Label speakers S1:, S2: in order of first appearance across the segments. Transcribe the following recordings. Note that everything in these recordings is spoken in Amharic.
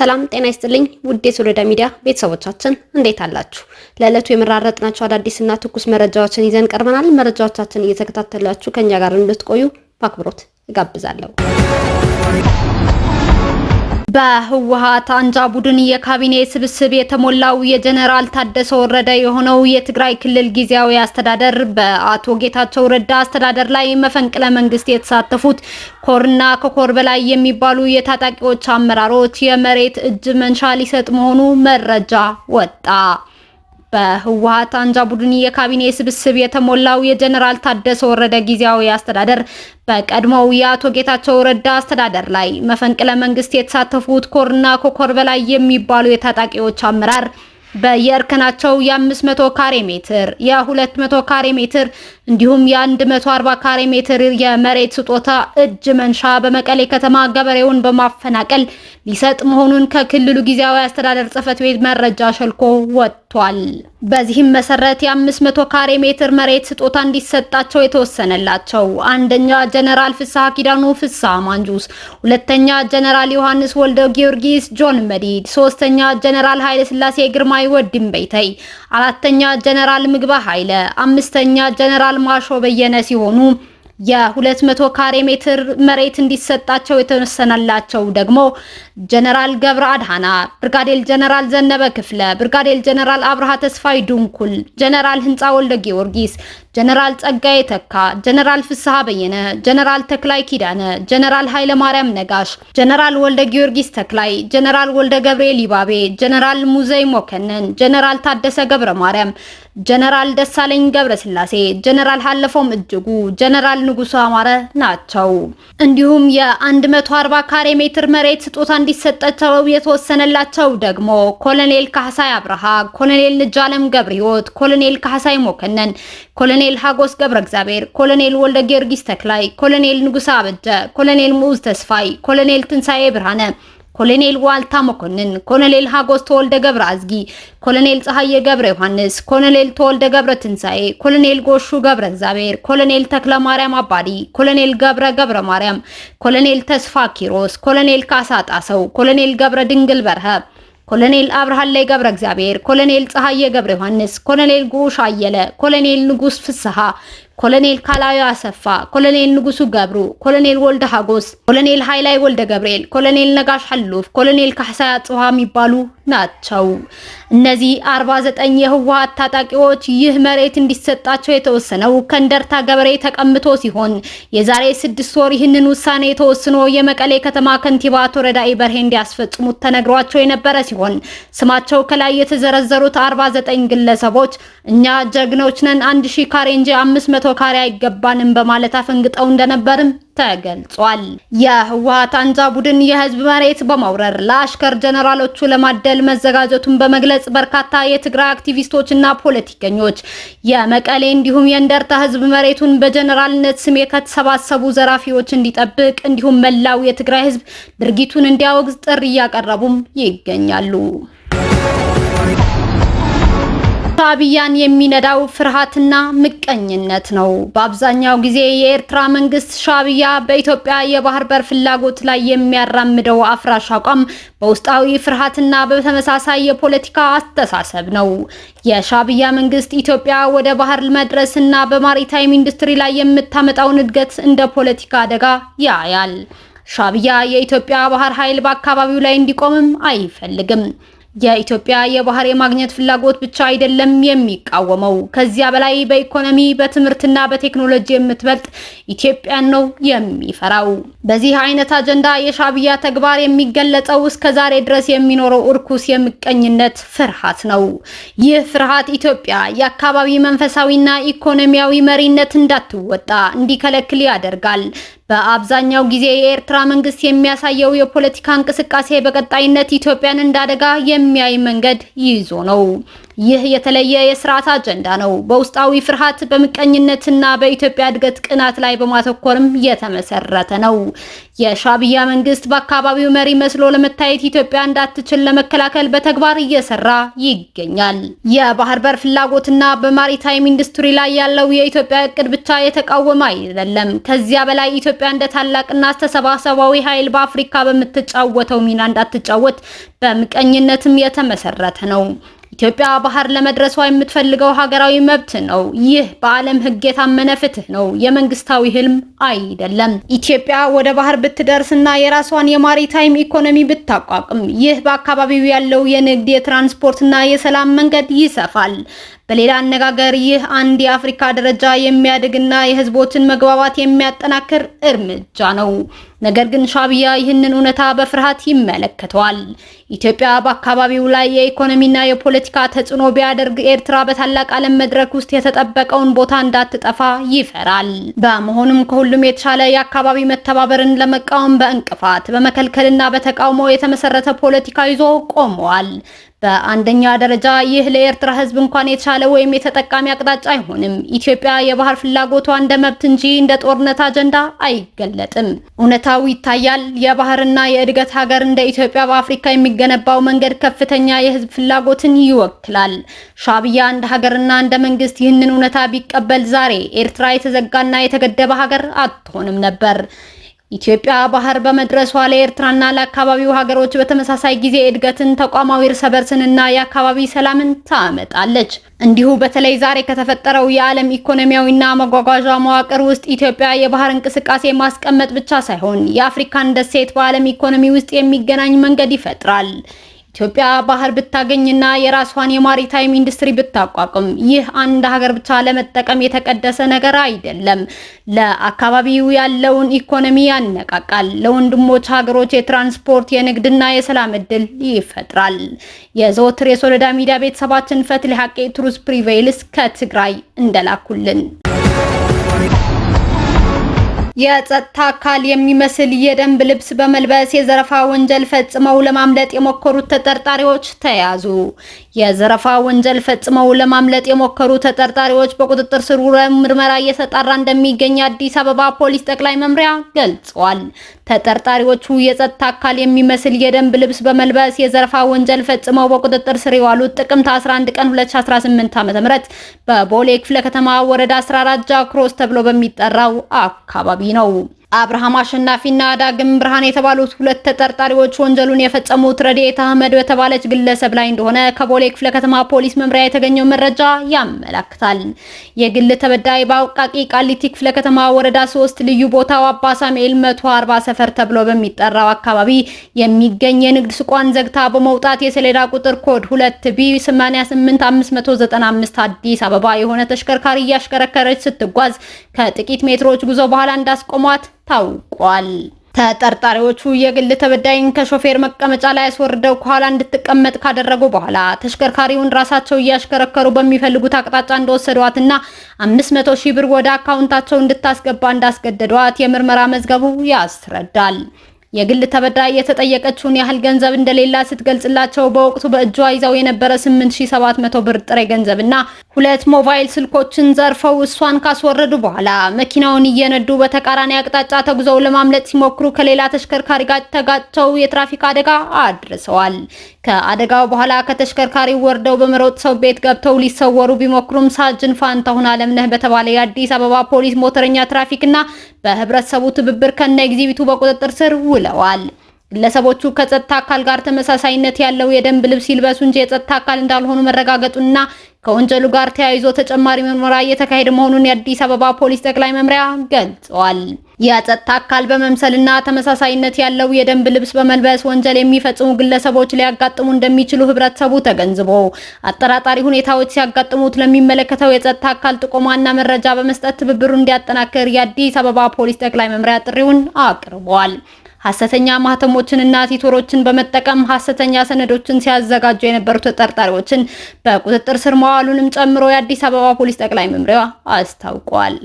S1: ሰላም ጤና ይስጥልኝ ውድ የሶሎዳ ሚዲያ ቤተሰቦቻችን እንዴት አላችሁ? ለዕለቱ የመራረጥናቸው አዳዲስና ትኩስ መረጃዎችን ይዘን ቀርበናል። መረጃዎቻችን እየተከታተላችሁ ከኛ ጋር እንድትቆዩ በአክብሮት እጋብዛለሁ። በህወሀት አንጃ ቡድን የካቢኔ ስብስብ የተሞላው የጀኔራል ታደሰ ወረደ የሆነው የትግራይ ክልል ጊዜያዊ አስተዳደር በአቶ ጌታቸው ረዳ አስተዳደር ላይ መፈንቅለ መንግስት የተሳተፉት ኮርና ከኮር በላይ የሚባሉ የታጣቂዎች አመራሮች የመሬት እጅ መንሻ ሊሰጥ መሆኑ መረጃ ወጣ። በህወሀት አንጃ ቡድን የካቢኔ ስብስብ የተሞላው የጀኔራል ታደሰ ወረደ ጊዜያዊ አስተዳደር በቀድሞው የአቶ ጌታቸው ረዳ አስተዳደር ላይ መፈንቅለ መንግስት የተሳተፉት ኮርና ኮኮር በላይ የሚባሉ የታጣቂዎች አመራር በየእርከናቸው የ500 ካሬ ሜትር የ200 ካሬ ሜትር እንዲሁም የ140 ካሬ ሜትር የመሬት ስጦታ እጅ መንሻ በመቀሌ ከተማ ገበሬውን በማፈናቀል ሊሰጥ መሆኑን ከክልሉ ጊዜያዊ አስተዳደር ጽህፈት ቤት መረጃ ሸልኮ ወጥቷል። በዚህም መሰረት የ500 ካሬ ሜትር መሬት ስጦታ እንዲሰጣቸው የተወሰነላቸው አንደኛ ጀነራል ፍስሐ ኪዳኑ ፍስሐ ማንጁስ፣ ሁለተኛ ጀነራል ዮሐንስ ወልደ ጊዮርጊስ ጆን መዲድ፣ ሶስተኛ ጀነራል ኃይለ ስላሴ ግርማይ ወድም በይተይ፣ አራተኛ ጀነራል ምግባ ኃይለ፣ አምስተኛ ጀነራል አልማሾ በየነ ሲሆኑ የ200 ካሬ ሜትር መሬት እንዲሰጣቸው የተወሰነላቸው ደግሞ ጀነራል ገብረ አድሃና፣ ብርጋዴር ጀነራል ዘነበ ክፍለ፣ ብርጋዴር ጀነራል አብርሃ ተስፋይ ዱንኩል፣ ጀነራል ህንፃ ወልደ ጊዮርጊስ፣ ጀነራል ጸጋዬ ተካ፣ ጀነራል ፍስሐ በየነ፣ ጀነራል ተክላይ ኪዳነ፣ ጀነራል ኃይለማርያም ነጋሽ፣ ጀነራል ወልደ ጊዮርጊስ ተክላይ፣ ጀነራል ወልደ ገብርኤል ይባቤ፣ ጀነራል ሙዘይ ሞከነን፣ ጀነራል ታደሰ ገብረ ማርያም፣ ጀነራል ደሳለኝ ገብረስላሴ፣ ጀነራል ሀለፎም እጅጉ፣ ጀነራል ንጉሱ አማረ ናቸው። እንዲሁም የ140 ካሬ ሜትር መሬት ስጦታ እንዲሰጣቸው የተወሰነላቸው ደግሞ ኮሎኔል ካህሳይ አብርሃ፣ ኮሎኔል ንጃለም ገብረ ሕይወት፣ ኮሎኔል ካህሳይ ሞከነን፣ ኮሎኔል ኮሎኔል ሀጎስ ገብረ እግዚአብሔር፣ ኮሎኔል ወልደ ጊዮርጊስ ተክላይ፣ ኮሎኔል ንጉሰ አበጀ፣ ኮሎኔል ሙዝ ተስፋይ፣ ኮሎኔል ትንሳኤ ብርሃነ፣ ኮሎኔል ዋልታ መኮንን፣ ኮሎኔል ሀጎስ ተወልደ ገብረ አዝጊ፣ ኮሎኔል ፀሐየ ገብረ ዮሐንስ፣ ኮሎኔል ተወልደ ገብረ ትንሳኤ፣ ኮሎኔል ጎሹ ገብረ እግዚአብሔር፣ ኮሎኔል ተክለ ማርያም አባዲ፣ ኮሎኔል ገብረ ገብረ ማርያም፣ ኮሎኔል ተስፋ ኪሮስ፣ ኮሎኔል ካሳ ጣሰው፣ ኮሎኔል ገብረ ድንግል በርሀብ ኮሎኔል ላይ ገብረ እግዚአብሔር፣ ኮሎኔል ፀሐዬ ገብረ ዮሐንስ፣ ኮሎኔል ጉሩሽ አየለ፣ ኮሎኔል ንጉስ ፍስሐ ኮሎኔል ካላዮ አሰፋ፣ ኮሎኔል ንጉሱ ገብሩ፣ ኮሎኔል ወልደ ሀጎስ፣ ኮሎኔል ሃይላይ ወልደ ገብርኤል፣ ኮሎኔል ነጋሽ ሐሉፍ፣ ኮሎኔል ካሕሳይ አጽብሃ የሚባሉ ናቸው። እነዚህ 49 የህወሀት ታጣቂዎች ይህ መሬት እንዲሰጣቸው የተወሰነው ከእንደርታ ገበሬ ተቀምቶ ሲሆን የዛሬ ስድስት ወር ይህንን ውሳኔ የተወስኖ የመቀሌ ከተማ ከንቲባ አቶ በርሄ እንዲያስፈጽሙት ተነግሯቸው የነበረ ሲሆን ስማቸው ከላይ የተዘረዘሩት 49 ግለሰቦች እኛ ጀግኖች ነን 1 ሺህ ካሬ እንጂ 500 መቶ ካሬ አይገባንም በማለት አፈንግጠው እንደነበርም ተገልጿል። የህወሀት አንጃ ቡድን የህዝብ መሬት በማውረር ለአሽከር ጀነራሎቹ ለማደል መዘጋጀቱን በመግለጽ በርካታ የትግራይ አክቲቪስቶችና ፖለቲከኞች የመቀሌ እንዲሁም የእንደርታ ህዝብ መሬቱን በጀነራልነት ስም ከተሰባሰቡ ዘራፊዎች እንዲጠብቅ እንዲሁም መላው የትግራይ ህዝብ ድርጊቱን እንዲያወግዝ ጥሪ እያቀረቡም ይገኛሉ። ሻዕቢያን የሚነዳው ፍርሃትና ምቀኝነት ነው። በአብዛኛው ጊዜ የኤርትራ መንግስት ሻዕቢያ በኢትዮጵያ የባህር በር ፍላጎት ላይ የሚያራምደው አፍራሽ አቋም በውስጣዊ ፍርሃትና በተመሳሳይ የፖለቲካ አስተሳሰብ ነው። የሻዕቢያ መንግስት ኢትዮጵያ ወደ ባህር መድረስና በማሪታይም ኢንዱስትሪ ላይ የምታመጣውን እድገት እንደ ፖለቲካ አደጋ ያያል። ሻዕቢያ የኢትዮጵያ ባህር ኃይል በአካባቢው ላይ እንዲቆምም አይፈልግም። የኢትዮጵያ የባህር የማግኘት ፍላጎት ብቻ አይደለም የሚቃወመው፣ ከዚያ በላይ በኢኮኖሚ በትምህርትና በቴክኖሎጂ የምትበልጥ ኢትዮጵያን ነው የሚፈራው። በዚህ አይነት አጀንዳ የሻዕቢያ ተግባር የሚገለጸው እስከ ዛሬ ድረስ የሚኖረው እርኩስ የምቀኝነት ፍርሃት ነው። ይህ ፍርሃት ኢትዮጵያ የአካባቢ መንፈሳዊና ኢኮኖሚያዊ መሪነት እንዳትወጣ እንዲከለክል ያደርጋል። በአብዛኛው ጊዜ የኤርትራ መንግስት የሚያሳየው የፖለቲካ እንቅስቃሴ በቀጣይነት ኢትዮጵያን እንዳደጋ የሚያይ መንገድ ይዞ ነው ይህ የተለየ የስርዓት አጀንዳ ነው። በውስጣዊ ፍርሃት፣ በምቀኝነትና በኢትዮጵያ እድገት ቅናት ላይ በማተኮርም የተመሰረተ ነው። የሻዕቢያ መንግስት በአካባቢው መሪ መስሎ ለመታየት ኢትዮጵያ እንዳትችል ለመከላከል በተግባር እየሰራ ይገኛል። የባህር በር ፍላጎትና በማሪታይም ኢንዱስትሪ ላይ ያለው የኢትዮጵያ እቅድ ብቻ የተቃወመ አይደለም። ከዚያ በላይ ኢትዮጵያ እንደ ታላቅና አስተሰባሰባዊ ኃይል በአፍሪካ በምትጫወተው ሚና እንዳትጫወት በምቀኝነትም የተመሰረተ ነው። ኢትዮጵያ ባህር ለመድረሷ የምትፈልገው ሀገራዊ መብት ነው። ይህ በዓለም ሕግ የታመነ ፍትህ ነው፣ የመንግስታዊ ህልም አይደለም። ኢትዮጵያ ወደ ባህር ብትደርስና የራሷን የማሪታይም ኢኮኖሚ ብታቋቁም ይህ በአካባቢው ያለው የንግድ የትራንስፖርትና የሰላም መንገድ ይሰፋል። በሌላ አነጋገር ይህ አንድ የአፍሪካ ደረጃ የሚያድግና የህዝቦችን መግባባት የሚያጠናክር እርምጃ ነው። ነገር ግን ሻቢያ ይህንን እውነታ በፍርሃት ይመለከተዋል። ኢትዮጵያ በአካባቢው ላይ የኢኮኖሚና የፖለቲካ ተጽዕኖ ቢያደርግ ኤርትራ በታላቅ ዓለም መድረክ ውስጥ የተጠበቀውን ቦታ እንዳትጠፋ ይፈራል። በመሆኑም ከሁሉም የተሻለ የአካባቢ መተባበርን ለመቃወም በእንቅፋት በመከልከልና በተቃውሞ የተመሰረተ ፖለቲካ ይዞ ቆመዋል። በአንደኛ ደረጃ ይህ ለኤርትራ ህዝብ እንኳን የተሻለ ወይም የተጠቃሚ አቅጣጫ አይሆንም። ኢትዮጵያ የባህር ፍላጎቷ እንደ መብት እንጂ እንደ ጦርነት አጀንዳ አይገለጥም። እውነታው ይታያል። የባህርና የእድገት ሀገር እንደ ኢትዮጵያ በአፍሪካ የሚገነባው መንገድ ከፍተኛ የህዝብ ፍላጎትን ይወክላል። ሻዕቢያ እንደ ሀገርና እንደ መንግስት ይህንን እውነታ ቢቀበል ዛሬ ኤርትራ የተዘጋና የተገደበ ሀገር አትሆንም ነበር። ኢትዮጵያ ባህር በመድረሷ ለኤርትራና ለአካባቢው ሀገሮች በተመሳሳይ ጊዜ እድገትን፣ ተቋማዊ እርስ በርስንና የአካባቢ ሰላምን ታመጣለች። እንዲሁ በተለይ ዛሬ ከተፈጠረው የዓለም ኢኮኖሚያዊና መጓጓዣ መዋቅር ውስጥ ኢትዮጵያ የባህር እንቅስቃሴ ማስቀመጥ ብቻ ሳይሆን የአፍሪካን ደሴት በዓለም ኢኮኖሚ ውስጥ የሚገናኝ መንገድ ይፈጥራል። ኢትዮጵያ ባህር ብታገኝና የራሷን የማሪታይም ኢንዱስትሪ ብታቋቁም ይህ አንድ ሀገር ብቻ ለመጠቀም የተቀደሰ ነገር አይደለም። ለአካባቢው ያለውን ኢኮኖሚ ያነቃቃል። ለወንድሞች ሀገሮች የትራንስፖርት የንግድና የሰላም እድል ይፈጥራል። የዘወትር የሶለዳ ሚዲያ ቤተሰባችን ፈትሊ ሀቄ ትሩዝ ፕሪቬይልስ ከትግራይ እንደላኩልን የጸጥታ አካል የሚመስል የደንብ ልብስ በመልበስ የዘረፋ ወንጀል ፈጽመው ለማምለጥ የሞከሩት ተጠርጣሪዎች ተያዙ። የዘረፋ ወንጀል ፈጽመው ለማምለጥ የሞከሩ ተጠርጣሪዎች በቁጥጥር ስር ውለው ምርመራ እየተጣራ እንደሚገኝ አዲስ አበባ ፖሊስ ጠቅላይ መምሪያ ገልጿል። ተጠርጣሪዎቹ የጸጥታ አካል የሚመስል የደንብ ልብስ በመልበስ የዘረፋ ወንጀል ፈጽመው በቁጥጥር ስር የዋሉት ጥቅምት 11 ቀን 2018 ዓ.ም በቦሌ ክፍለ ከተማ ወረዳ 14 ጃክሮስ ተብሎ በሚጠራው አካባቢ you know አብርሃም አሸናፊና ዳግም ብርሃን የተባሉት ሁለት ተጠርጣሪዎች ወንጀሉን የፈጸሙት ረድኤት አህመድ በተባለች ግለሰብ ላይ እንደሆነ ከቦሌ ክፍለ ከተማ ፖሊስ መምሪያ የተገኘው መረጃ ያመላክታል። የግል ተበዳይ በአቃቂ ቃሊቲ ክፍለ ከተማ ወረዳ ሶስት ልዩ ቦታው አባ ሳሙኤል አርባ ሰፈር ተብሎ በሚጠራው አካባቢ የሚገኝ የንግድ ሱቋን ዘግታ በመውጣት የሰሌዳ ቁጥር ኮድ 2 ቢ 88595 አዲስ አበባ የሆነ ተሽከርካሪ እያሽከረከረች ስትጓዝ ከጥቂት ሜትሮች ጉዞ በኋላ እንዳስቆሟት ታውቋል። ተጠርጣሪዎቹ የግል ተበዳይን ከሾፌር መቀመጫ ላይ አስወርደው ከኋላ እንድትቀመጥ ካደረጉ በኋላ ተሽከርካሪውን ራሳቸው እያሽከረከሩ በሚፈልጉት አቅጣጫ እንደወሰዷትና መቶ ሺህ ብር ወደ አካውንታቸው እንድታስገባ እንዳስገደዷት የምርመራ መዝገቡ ያስረዳል። የግል ተበዳይ የተጠየቀችውን ያህል ገንዘብ እንደሌላ ስትገልጽላቸው በወቅቱ በእጇ ይዘው የነበረ 8700 ብር ጥሬ ገንዘብና ሁለት ሞባይል ስልኮችን ዘርፈው እሷን ካስወረዱ በኋላ መኪናውን እየነዱ በተቃራኒ አቅጣጫ ተጉዘው ለማምለጥ ሲሞክሩ ከሌላ ተሽከርካሪ ጋር ተጋጭተው የትራፊክ አደጋ አድርሰዋል። ከአደጋው በኋላ ከተሽከርካሪው ወርደው በመሮጥ ሰው ቤት ገብተው ሊሰወሩ ቢሞክሩም ሳጅን ፋንታሁን አለምነህ በተባለ የአዲስ አበባ ፖሊስ ሞተረኛ ትራፊክና በህብረተሰቡ ትብብር ከነ ኤግዚቢቱ በቁጥጥር ስር ውለዋል። ግለሰቦቹ ከጸጥታ አካል ጋር ተመሳሳይነት ያለው የደንብ ልብስ ይልበሱ እንጂ የጸጥታ አካል እንዳልሆኑ መረጋገጡና ከወንጀሉ ጋር ተያይዞ ተጨማሪ ምርመራ እየተካሄደ መሆኑን የአዲስ አበባ ፖሊስ ጠቅላይ መምሪያ ገልጸዋል። የጸጥታ አካል በመምሰልና ተመሳሳይነት ያለው የደንብ ልብስ በመልበስ ወንጀል የሚፈጽሙ ግለሰቦች ሊያጋጥሙ እንደሚችሉ ህብረተሰቡ ተገንዝቦ አጠራጣሪ ሁኔታዎች ሲያጋጥሙት ለሚመለከተው የጸጥታ አካል ጥቆማና መረጃ በመስጠት ትብብሩ እንዲያጠናክር የአዲስ አበባ ፖሊስ ጠቅላይ መምሪያ ጥሪውን አቅርቧል። ሐሰተኛ ማህተሞችንና ቲቶሮችን በመጠቀም ሐሰተኛ ሰነዶችን ሲያዘጋጁ የነበሩ ተጠርጣሪዎችን በቁጥጥር ስር መዋሉንም ጨምሮ የአዲስ አበባ ፖሊስ ጠቅላይ መምሪያ አስታውቋል።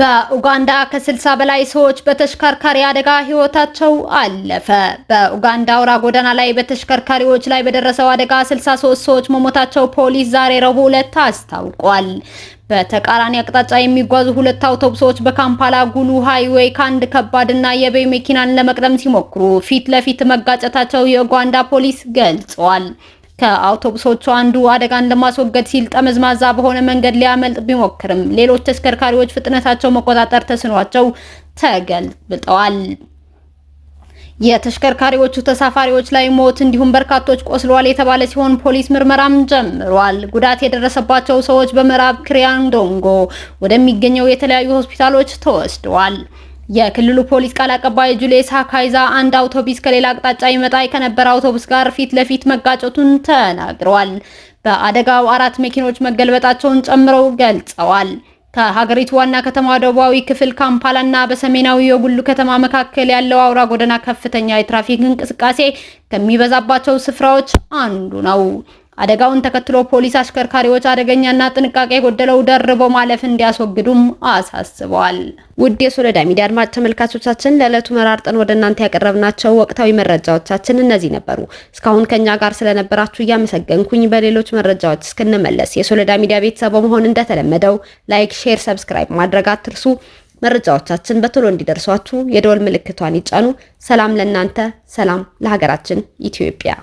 S1: በኡጋንዳ ከ60 በላይ ሰዎች በተሽከርካሪ አደጋ ህይወታቸው አለፈ። በኡጋንዳ አውራ ጎዳና ላይ በተሽከርካሪዎች ላይ በደረሰው አደጋ 63 ሰዎች መሞታቸው ፖሊስ ዛሬ ረቡዕ ዕለት አስታውቋል። በተቃራኒ አቅጣጫ የሚጓዙ ሁለት አውቶቡሶች በካምፓላ ጉሉ ሃይዌይ ከአንድ ከባድና የበይ መኪናን ለመቅደም ሲሞክሩ ፊት ለፊት መጋጨታቸው የኡጋንዳ ፖሊስ ገልጿል። ከአውቶቡሶቹ አንዱ አደጋን ለማስወገድ ሲል ጠመዝማዛ በሆነ መንገድ ሊያመልጥ ቢሞክርም ሌሎች ተሽከርካሪዎች ፍጥነታቸው መቆጣጠር ተስኗቸው ተገልብጠዋል። የተሽከርካሪዎቹ ተሳፋሪዎች ላይ ሞት እንዲሁም በርካቶች ቆስለዋል የተባለ ሲሆን ፖሊስ ምርመራም ጀምሯል። ጉዳት የደረሰባቸው ሰዎች በምዕራብ ክሪያንዶንጎ ወደሚገኘው የተለያዩ ሆስፒታሎች ተወስደዋል። የክልሉ ፖሊስ ቃል አቀባይ ጁሌሳ ካይዛ አንድ አውቶቡስ ከሌላ አቅጣጫ ይመጣ ከነበረ አውቶቡስ ጋር ፊት ለፊት መጋጨቱን ተናግረዋል። በአደጋው አራት መኪኖች መገልበጣቸውን ጨምረው ገልጸዋል። ከሀገሪቱ ዋና ከተማ ደቡባዊ ክፍል ካምፓላና በሰሜናዊ የጉሉ ከተማ መካከል ያለው አውራ ጎዳና ከፍተኛ የትራፊክ እንቅስቃሴ ከሚበዛባቸው ስፍራዎች አንዱ ነው። አደጋውን ተከትሎ ፖሊስ አሽከርካሪዎች አደገኛና ጥንቃቄ የጎደለው ደርቦ ማለፍ እንዲያስወግዱም አሳስበዋል። ውድ የሶለዳ ሚዲያ አድማጭ ተመልካቾቻችን ለዕለቱ መራርጠን ወደ እናንተ ያቀረብናቸው ወቅታዊ መረጃዎቻችን እነዚህ ነበሩ። እስካሁን ከኛ ጋር ስለነበራችሁ እያመሰገንኩኝ በሌሎች መረጃዎች እስክንመለስ የሶለዳ ሚዲያ ቤተሰብ በመሆን እንደተለመደው ላይክ፣ ሼር፣ ሰብስክራይብ ማድረግ አትርሱ። መረጃዎቻችን በቶሎ እንዲደርሷችሁ የደወል ምልክቷን ይጫኑ። ሰላም ለእናንተ፣ ሰላም ለሀገራችን ኢትዮጵያ።